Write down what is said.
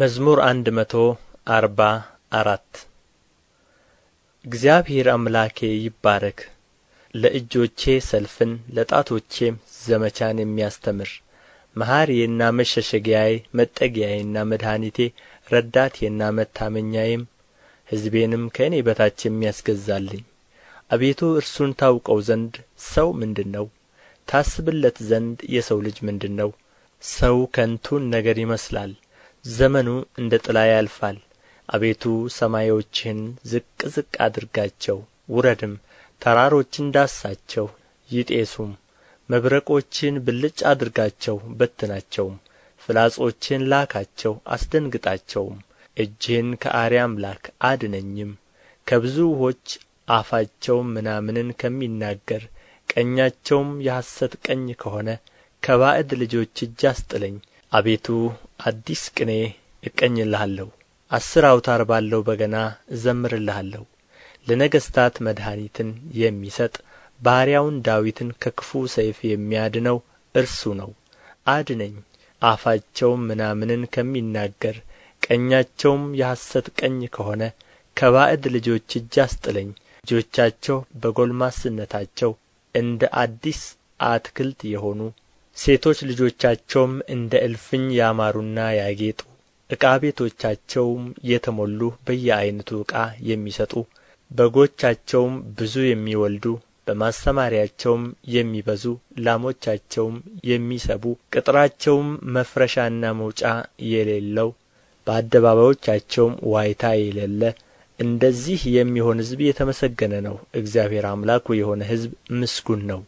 መዝሙር አንድ መቶ አርባ አራት እግዚአብሔር አምላኬ ይባረክ። ለእጆቼ ሰልፍን ለጣቶቼም ዘመቻን የሚያስተምር መሐሪዬና መሸሸጊያዬ መጠጊያዬና መድኃኒቴ ረዳቴና መታመኛዬም ሕዝቤንም ከእኔ በታች የሚያስገዛልኝ። አቤቱ እርሱን ታውቀው ዘንድ ሰው ምንድን ነው? ታስብለት ዘንድ የሰው ልጅ ምንድን ነው? ሰው ከንቱን ነገር ይመስላል ዘመኑ እንደ ጥላ ያልፋል አቤቱ ሰማዮችህን ዝቅ ዝቅ አድርጋቸው ውረድም ተራሮችን ዳሳቸው ይጤሱም መብረቆችን ብልጭ አድርጋቸው በትናቸውም ፍላጾችን ላካቸው አስደንግጣቸውም እጅህን ከአርያም ላክ አድነኝም ከብዙ ውኆች አፋቸው ምናምንን ከሚናገር ቀኛቸውም የሐሰት ቀኝ ከሆነ ከባዕድ ልጆች እጅ አስጥለኝ አቤቱ አዲስ ቅኔ እቀኝልሃለሁ፣ አሥር አውታር ባለው በገና እዘምርልሃለሁ ለነገሥታት መድኃኒትን የሚሰጥ ባሪያውን ዳዊትን ከክፉ ሰይፍ የሚያድነው እርሱ ነው አድነኝ አፋቸውም ምናምንን ከሚናገር ቀኛቸውም የሐሰት ቀኝ ከሆነ ከባዕድ ልጆች እጅ አስጥለኝ ልጆቻቸው በጎልማስነታቸው እንደ አዲስ አትክልት የሆኑ ሴቶች ልጆቻቸውም እንደ እልፍኝ ያማሩና ያጌጡ ዕቃ ቤቶቻቸውም የተሞሉ በየአይነቱ ዕቃ የሚሰጡ በጎቻቸውም ብዙ የሚወልዱ በማሰማሪያቸውም የሚበዙ ላሞቻቸውም የሚሰቡ ቅጥራቸውም መፍረሻና መውጫ የሌለው በአደባባዮቻቸውም ዋይታ የሌለ እንደዚህ የሚሆን ሕዝብ የተመሰገነ ነው። እግዚአብሔር አምላኩ የሆነ ሕዝብ ምስጉን ነው።